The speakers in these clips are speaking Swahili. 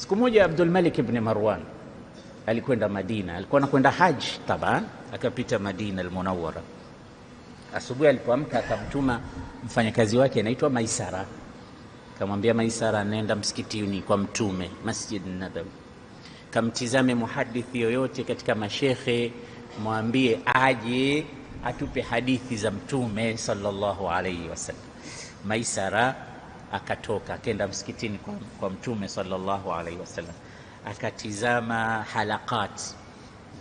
Siku moja Abdul Malik ibn Marwan alikwenda Madina, alikuwa anakwenda haji taban, akapita Madina al-Munawwara. Asubuhi alipoamka, akamtuma mfanyakazi wake anaitwa Maisara, kamwambia Maisara, nenda msikitini kwa Mtume Masjid Nabawi, kamtizame muhadithi yoyote katika mashekhe, mwambie aje atupe hadithi za Mtume sallallahu alayhi wasallam. Maisara akatoka akenda msikitini kwa, kwa Mtume sallallahu alaihi wasallam, akatizama halakat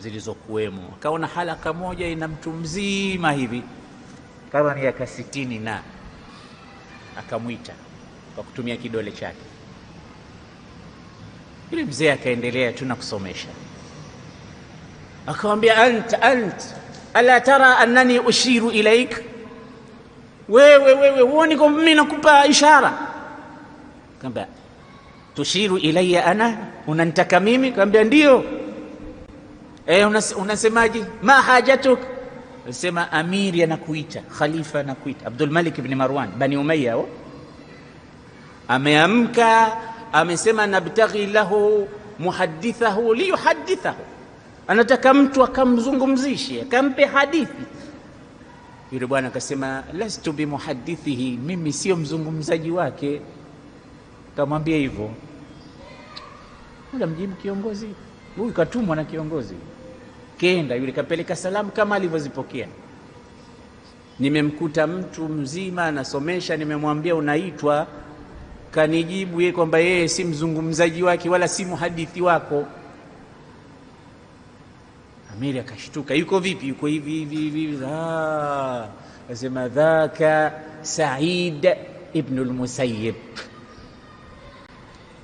zilizokuwemo, akaona halaka moja ina mtu mzima hivi kama miaka sitini, na akamwita kwa kutumia kidole chake. Yule mzee akaendelea tu na kusomesha, akamwambia ant ant ala tara annani ushiru ilaika wewe wewe huoni kwa mimi nakupa ishara? kamba tushiru ilaya ana, unanitaka mimi? Kaambia ndio. E, unasemaje? ma hajatuk? Sema amiri anakuita, khalifa anakuita. Abdul Malik ibn Marwan Bani Umayya o ameamka amesema, nabtaghi lahu muhadithahu liyuhadithahu, anataka mtu akamzungumzishe akampe hadithi yule bwana akasema lastu bimuhadithihi, mimi sio mzungumzaji wake. Kamwambia hivyo ula kiongozi huyu, katumwa na kiongozi. Kenda yule kapeleka salamu kama alivyozipokea. Nimemkuta mtu mzima anasomesha, nimemwambia unaitwa, kanijibu ye kwamba yeye si mzungumzaji wake wala si muhadithi wako. Amiri akashtuka, yuko vipi? Yuko hivi hivi hivi. Ah, Asema dhaka Said ibn al-Musayyib,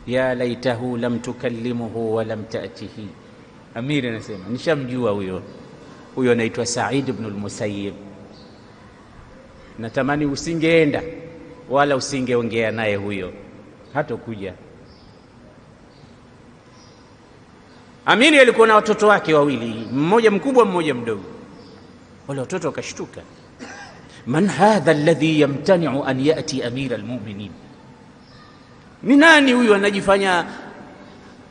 ya laitahu lam tukallimuhu wa lam ta'tihi. Amiri anasema nishamjua huyo huyo, anaitwa Said ibn al-Musayyib, natamani usingeenda wala usingeongea naye huyo, hata kuja Amiri alikuwa na watoto wake wawili, mmoja mkubwa, mmoja mdogo. Wale watoto wakashtuka, man hadha alladhi yamtaniu an yati amira almuminin, ni nani huyu anajifanya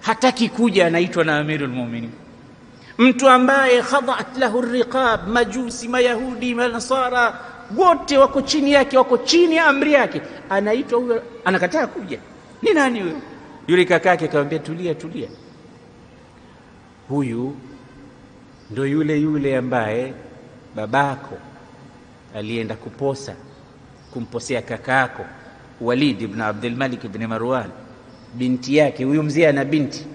hataki kuja, anaitwa na amiru lmuminin, mtu ambaye khadhat lahu riqab, majusi, mayahudi, manasara wote wako chini yake, wako chini ya amri yake, anaitwa huyo, anakataa kuja. Ni nani huyo? Yule yake akamwambia, tulia, tulia huyu ndo yule yule ambaye babako alienda kuposa kumposea kakaako Walid ibn Abdulmalik ibn Marwan, binti yake huyu mzee ana binti,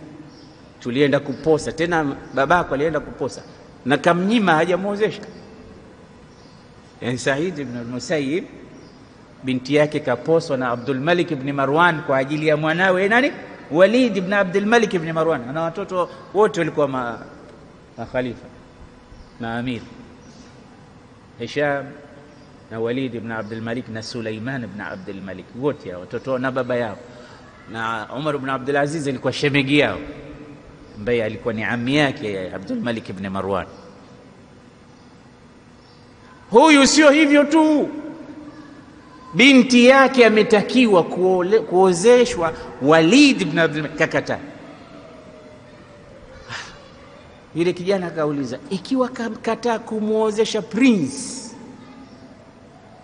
tulienda kuposa tena, babako alienda kuposa na kamnyima, hajamwozesha. Yani Said ibn al-Musayyib binti yake kaposwa na Abdulmalik ibn Marwan kwa ajili ya mwanawe nani Walid ibn Abdul Malik ibn Marwan na watoto wote walikuwa ma, makhalifa maamir Hisham na Walid ibn Abdul Malik na Sulaiman ibn Abdul Malik wote hao watoto na baba yao, na Umar ibn Abdul Aziz alikuwa shemegi yao ambaye alikuwa ni ami yake Abdul Malik ibn Marwan. Huyu sio hivyo tu binti yake ametakiwa kuozeshwa Walid ibn Abdul Kakata. Yule kijana akauliza, ikiwa kamkataa kumwozesha prince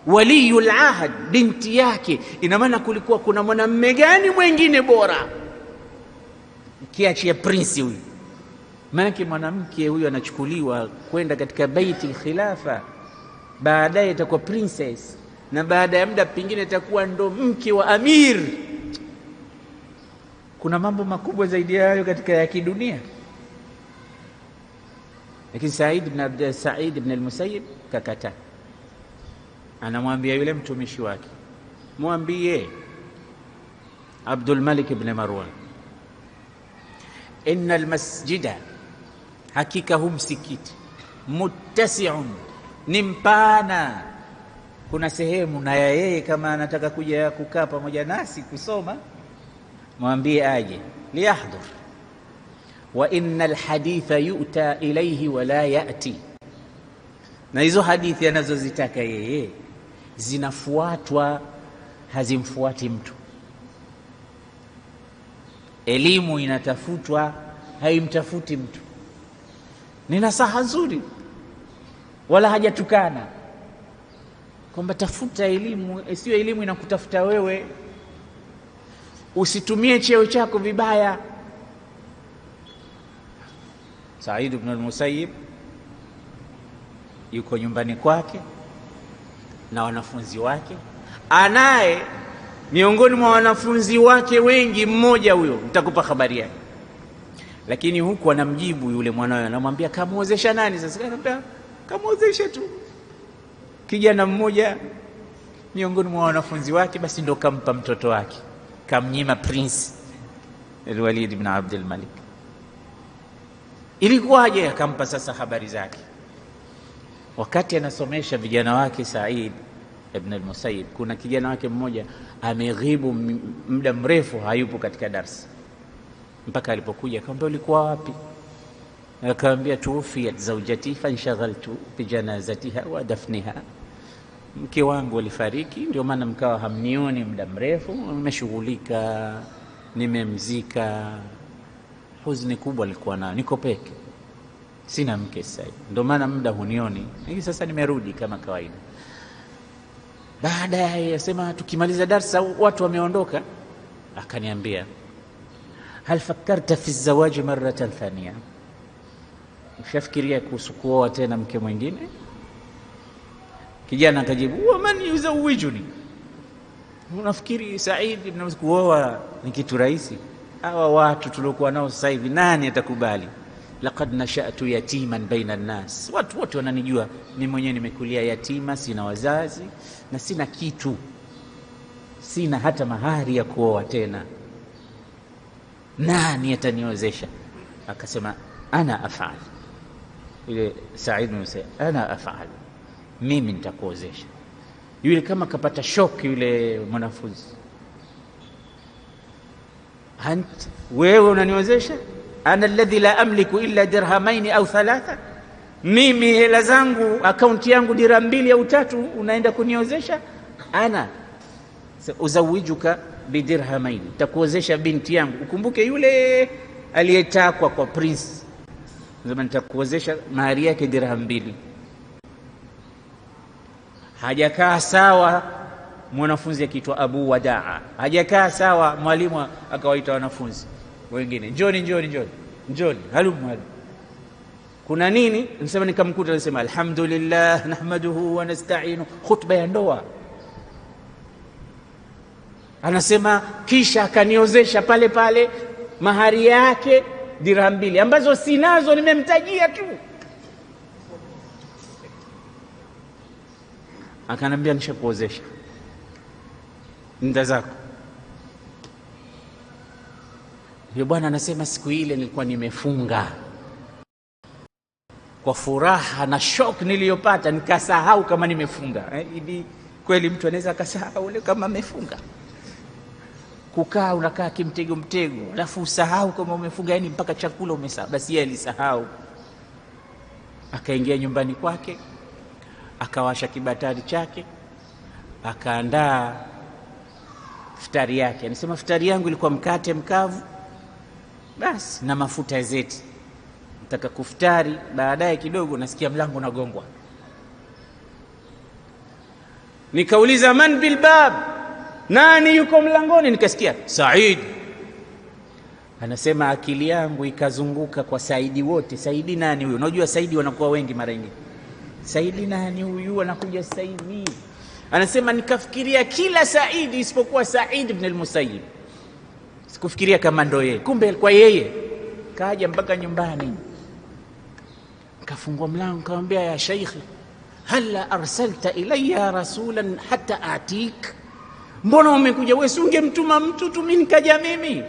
waliyul ahad binti yake, ina maana kulikuwa kuna mwanamme gani mwengine bora kiachia prince huyu? Maanake mwanamke huyu anachukuliwa kwenda katika baiti khilafa, baadaye itakuwa princess na baada ya muda pengine atakuwa ndo mke wa amir. Kuna mambo makubwa zaidi hayo katika ya kidunia. Lakini Said ibn Abd Said ibn al-Musayyib kakata, anamwambia yule mtumishi wake, mwambie Abdul Malik ibn Marwan, inna almasjida, hakika hu msikiti, muttasiun, ni mpana kuna sehemu na yeye kama anataka kuja kukaa pamoja nasi kusoma, mwambie aje liyahdhur. Wa inna alhaditha yu'ta ilayhi wa la ya'ti, na hizo hadithi anazozitaka yeye zinafuatwa, hazimfuati mtu. Elimu inatafutwa, haimtafuti mtu. Ni nasaha nzuri, wala hajatukana kwamba tafuta elimu, eh, sio elimu inakutafuta wewe. Usitumie cheo chako vibaya. Said ibn al-Musayyib yuko nyumbani kwake na wanafunzi wake, anaye miongoni mwa wanafunzi wake wengi, mmoja huyo, nitakupa habari yake. Lakini huku anamjibu yule mwanawe, anamwambia kamwozesha nani? Sasa anamwambia kamwozesha tu Kijana mmoja miongoni mwa wanafunzi wake, basi ndo kampa mtoto wake, kamnyima prince Alwalid ibn Abdul Malik. Ilikuwaje? Akampa sasa habari zake. Wakati anasomesha vijana wake Said ibn al-Musayyib, kuna kijana wake mmoja ameghibu muda mrefu, hayupo katika darsa mpaka alipokuja akamwambia, ulikuwa wapi? Akamwambia, tuufiyat zaujati fanshaghaltu bijanazatiha wa dafniha mke wangu alifariki, ndio maana mkawa hamnioni muda mrefu, nimeshughulika, nimemzika. Huzuni kubwa alikuwa nayo, niko peke, sina mke sasa hivi, ndio maana muda hunioni. Lakini sasa nimerudi kama kawaida. Baada ya asema tukimaliza darsa watu wameondoka, akaniambia hal fakarta fi zawaji maratan thania, ushafikiria kuhusu kuoa tena mke mwingine? Kijana akajibu waman yuzawijuni, unafikiri Said ibn kuoa ni kitu rahisi? Hawa watu tuliokuwa nao sasa hivi nani atakubali? Laqad nashatu yatiman baina nnas, watu wote wananijua mimi mwenyewe nimekulia yatima, sina wazazi na sina kitu, sina hata mahari ya kuoa tena, nani ataniozesha? Akasema ana afal ile Said ana afal mimi nitakuozesha. Yule kama kapata shock, yule mwanafunzi, wewe unaniozesha? Ana alladhi la amliku illa dirhamaini au thalatha, mimi hela zangu akaunti yangu dira mbili au tatu, unaenda kuniozesha? Ana uzawijuka bidirhamaini, takuozesha binti yangu. Ukumbuke yule aliyetakwa kwa prince, nitakuozesha mahari yake dirham mbili hajakaa sawa mwanafunzi akiitwa Abu Wadaa, hajakaa sawa mwalimu akawaita wanafunzi wengine, njoni njoni njoni njoni, halumu halumu, kuna nini? Nisema nikamkuta nasema, alhamdulillah nahmaduhu wa nasta'inu. Khutba ya ndoa anasema, kisha akaniozesha pale pale mahari yake dirham mbili ambazo sinazo, nimemtajia tu Akanambia, nishakuozesha nda zako hiyo. Bwana anasema siku ile nilikuwa nimefunga kwa furaha na shock niliyopata, nikasahau kama nimefunga. Eh, kweli mtu anaweza akasahau leo kama amefunga? Kukaa unakaa kimtego mtego, alafu usahau kama umefunga, yani mpaka chakula umesahau. Basi yeye alisahau, akaingia nyumbani kwake akawasha kibatari chake akaandaa futari yake. Anasema futari yangu ilikuwa mkate mkavu basi na mafuta ya zeti. Nataka kufutari, baadaye kidogo nasikia mlango unagongwa. Nikauliza, man bilbab, nani yuko mlangoni? Nikasikia Said. Anasema akili yangu ikazunguka kwa Saidi wote. Saidi nani huyo? Unajua Saidi wanakuwa wengi mara nyingi Saidi ni huyu anakuja sasa hivi? Anasema nikafikiria kila Saidi isipokuwa Said ibn al-Musayyib, sikufikiria kama ndo yeye, kumbe kwa yeye. Kaja mpaka nyumbani, kafungua mlango, kamwambia ya sheikhi, hala arsalta ilayya rasulan hata atik, mbona umekuja wewe? Ungemtuma mtu tu, mimi nikaja mimi.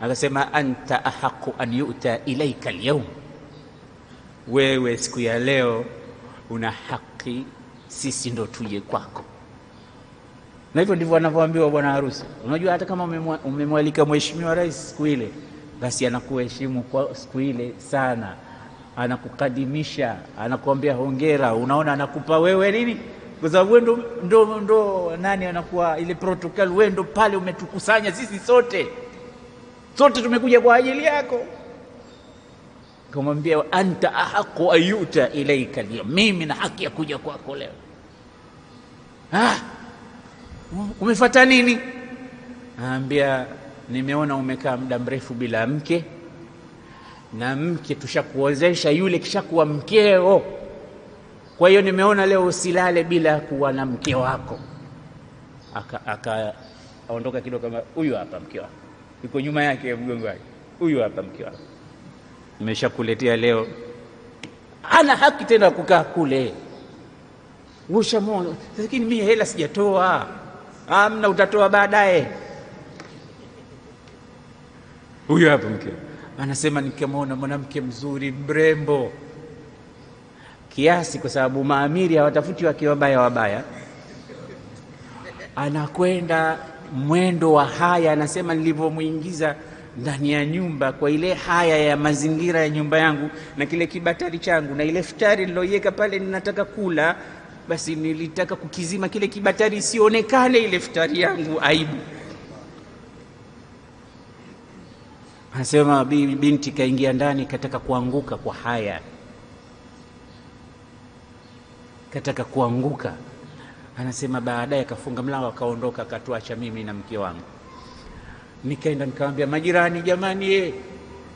Akasema anta ahaqu an yu'ta ilayka al-yawm, wewe siku ya leo una haki, sisi ndo tuje kwako. Na hivyo ndivyo wanavyoambiwa bwana harusi. Unajua, hata kama umemwalika mheshimiwa rais siku ile, basi anakuheshimu kwa siku ile sana, anakukadimisha, anakuambia hongera. Unaona, anakupa wewe nini kwa sababu wewe ndo, ndo, ndo nani anakuwa ile protokali, wewe ndo pale umetukusanya sisi sote, sote tumekuja kwa ajili yako kumwambia anta ahaqu an yuta ilaika leo, mimi na haki ya kuja kwako leo. Ah, umefuata nini? Naambia nimeona umekaa muda mrefu bila mke, na mke tushakuozesha yule kishakuwa mkeo. Kwa hiyo nimeona leo usilale bila kuwa na mke wako. Akaondoka aka, kidogo kama huyu hapa mke wako, yuko nyuma yake mgongo wake, huyu hapa mke wako Nimeshakuletea leo, ana haki tena kukaa kule, ushamwona. Lakini mimi hela sijatoa, amna, utatoa baadaye. Huyo hapo mke anasema, nikamwona mwanamke mzuri mrembo kiasi, kwa sababu maamiri hawatafuti wake wabaya wabaya, anakwenda mwendo wa haya, anasema nilivyomwingiza ndani ya nyumba kwa ile haya ya mazingira ya nyumba yangu na kile kibatari changu na ile futari niloiweka pale, ninataka kula, basi nilitaka kukizima kile kibatari isionekane ile futari yangu, aibu. Anasema binti kaingia ndani, kataka kuanguka kwa haya, kataka kuanguka. Anasema baadaye akafunga mlango, akaondoka, akatuacha mimi na mke wangu. Nikaenda nikamwambia majirani, jamani ye, eh,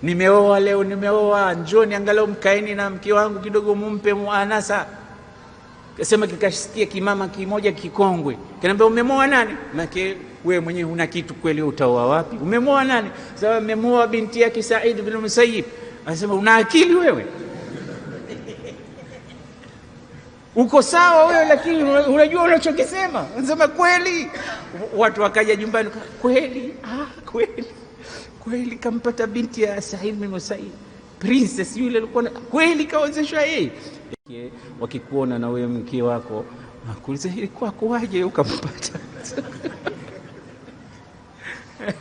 nimeoa leo, nimeoa njoni, angalau mkaeni na mke wangu kidogo, mumpe muanasa. Kasema kikasikia kimama kimoja kikongwe, kaniambia umemoa nani? Make we mwenyewe una kitu kweli, utaoa wapi? Umemoa nani? Sasa amemoa binti yake Said bin Musayyib. Anasema una akili wewe? uko sawa wewe, lakini unajua unachokisema. Nasema kweli, watu wakaja nyumbani, kweli ah, kweli kweli, kampata binti ya Said bin Musaid, princess yule, alikuwa kweli kaozeshwa yeye. Wakikuona na wewe mke wako, nakuuliza ilikuwa kuwaje ukampata?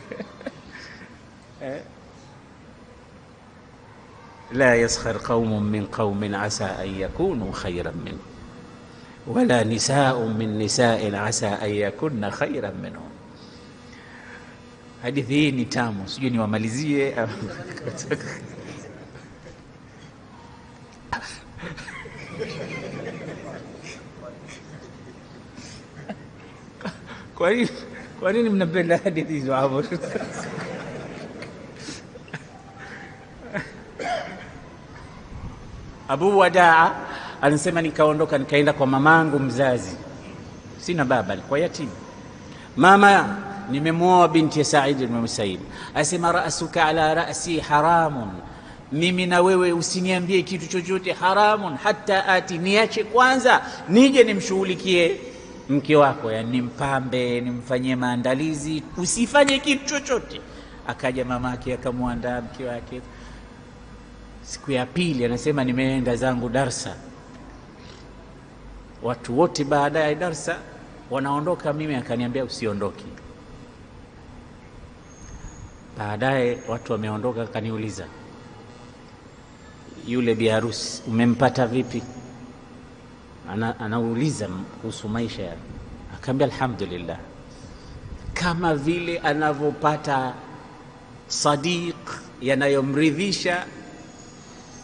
Eh? la yaskhar qaumun min qaumin asa an yakunu khayran minhum ولا نساء من نساء عسى أن يكن khairan minhun. Hadithi hii ni tamu, sijui niwamalizie kwa nini kwa nini mnapenda hadithi hizo hapo? Abu Wadaa anasema nikaondoka nikaenda kwa mamangu mzazi, sina baba, alikuwa yatima. Mama, nimemwoa binti ya Said ibn Musayyib. Asema rasuka ala rasi haramun, mimi na wewe usiniambie kitu chochote. Haramun hata ati, niache kwanza nije nimshughulikie mke wako, yani nimpambe, nimfanyie maandalizi, usifanye kitu chochote. Akaja mamake akamwandaa mke wake. Siku ya pili anasema nimeenda zangu darsa watu wote baada ya darsa wanaondoka, mimi akaniambia usiondoki. Baadaye watu wameondoka, akaniuliza yule biharusi umempata vipi? Ana, anauliza kuhusu maisha ya akaambia, alhamdulillah, kama vile anavyopata sadiq, yanayomridhisha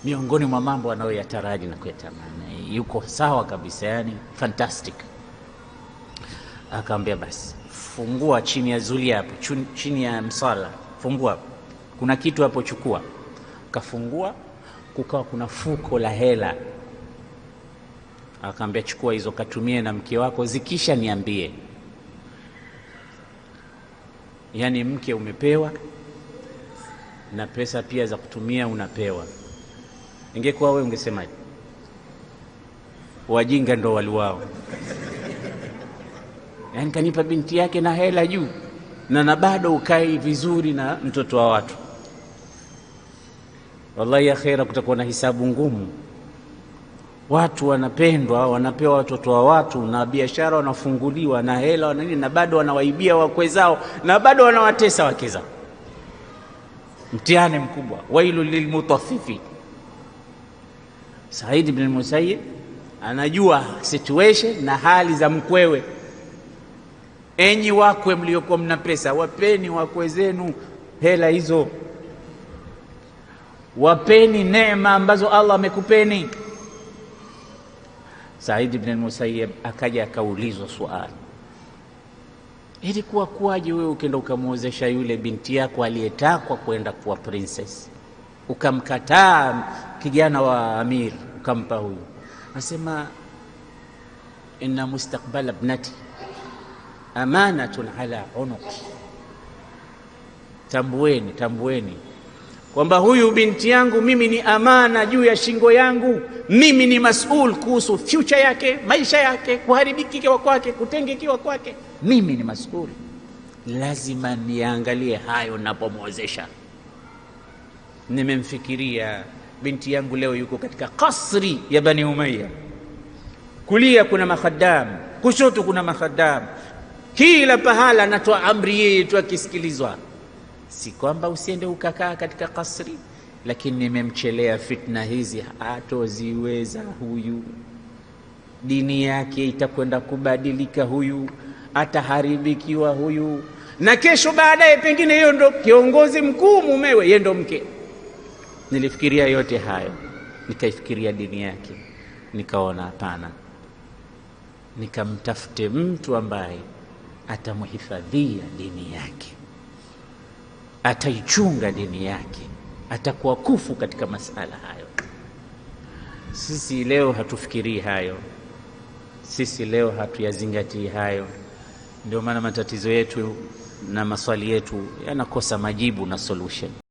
miongoni mwa mambo anayoyataraji na kuyatamani yuko sawa kabisa, yani fantastic. Akaambia basi fungua chini ya zulia hapo, chini ya msala, fungua hapo, kuna kitu hapo, chukua. Kafungua, kukawa kuna fuko la hela. Akaambia chukua hizo, katumie na mke wako, zikisha niambie. Yani mke umepewa na pesa pia za kutumia unapewa. Ingekuwa wewe ungesemaje? wajinga ndo waliwao. Yani kanipa binti yake na hela juu na na bado ukai vizuri na mtoto wa watu. Wallahi akhera kutakuwa na hisabu ngumu. Watu wanapendwa, wanapewa watoto wa watu, na biashara wanafunguliwa, na hela na nini, na bado wanawaibia wakwe zao, na bado wanawatesa wake zao. Mtihani mkubwa, wailu lilmutaffifi. Said bin musayyib anajua situation na hali za mkwewe. Enyi wakwe mliokuwa mna pesa, wapeni wakwe zenu hela hizo, wapeni neema ambazo Allah amekupeni. Said ibn al-Musayyib akaja akaulizwa swali, ilikuwa kuwaje wewe ukenda ukamwozesha yule binti yako aliyetakwa kwenda kuwa princess, ukamkataa kijana wa amir, ukampa huyu Anasema inna mustaqbala ibnati amanatun ala unuqi, tambueni, tambueni kwamba huyu binti yangu mimi ni amana juu ya shingo yangu. Mimi ni masul kuhusu future yake, maisha yake, kuharibikiwa kwake, kutengekiwa kwake. Mimi ni masul, lazima niangalie hayo napomwozesha. Nimemfikiria binti yangu leo yuko katika kasri ya Bani Umayya. Kulia kuna makhadamu, kushoto kuna makhadamu, kila pahala anatoa amri yeye tu akisikilizwa. Si kwamba usiende ukakaa katika kasri, lakini nimemchelea fitna hizi, hatoziweza huyu, dini yake itakwenda kubadilika huyu, ataharibikiwa huyu, na kesho baadaye pengine yeye ndo kiongozi mkuu, mumewe yeye ndo mke Nilifikiria yote hayo, nikaifikiria dini yake, nikaona hapana, nikamtafute mtu ambaye atamhifadhia dini yake, ataichunga dini yake, atakuwa kufu katika masala hayo. Sisi leo hatufikirii hayo, sisi leo hatuyazingatii hayo, ndio maana matatizo yetu na maswali yetu yanakosa majibu na solution.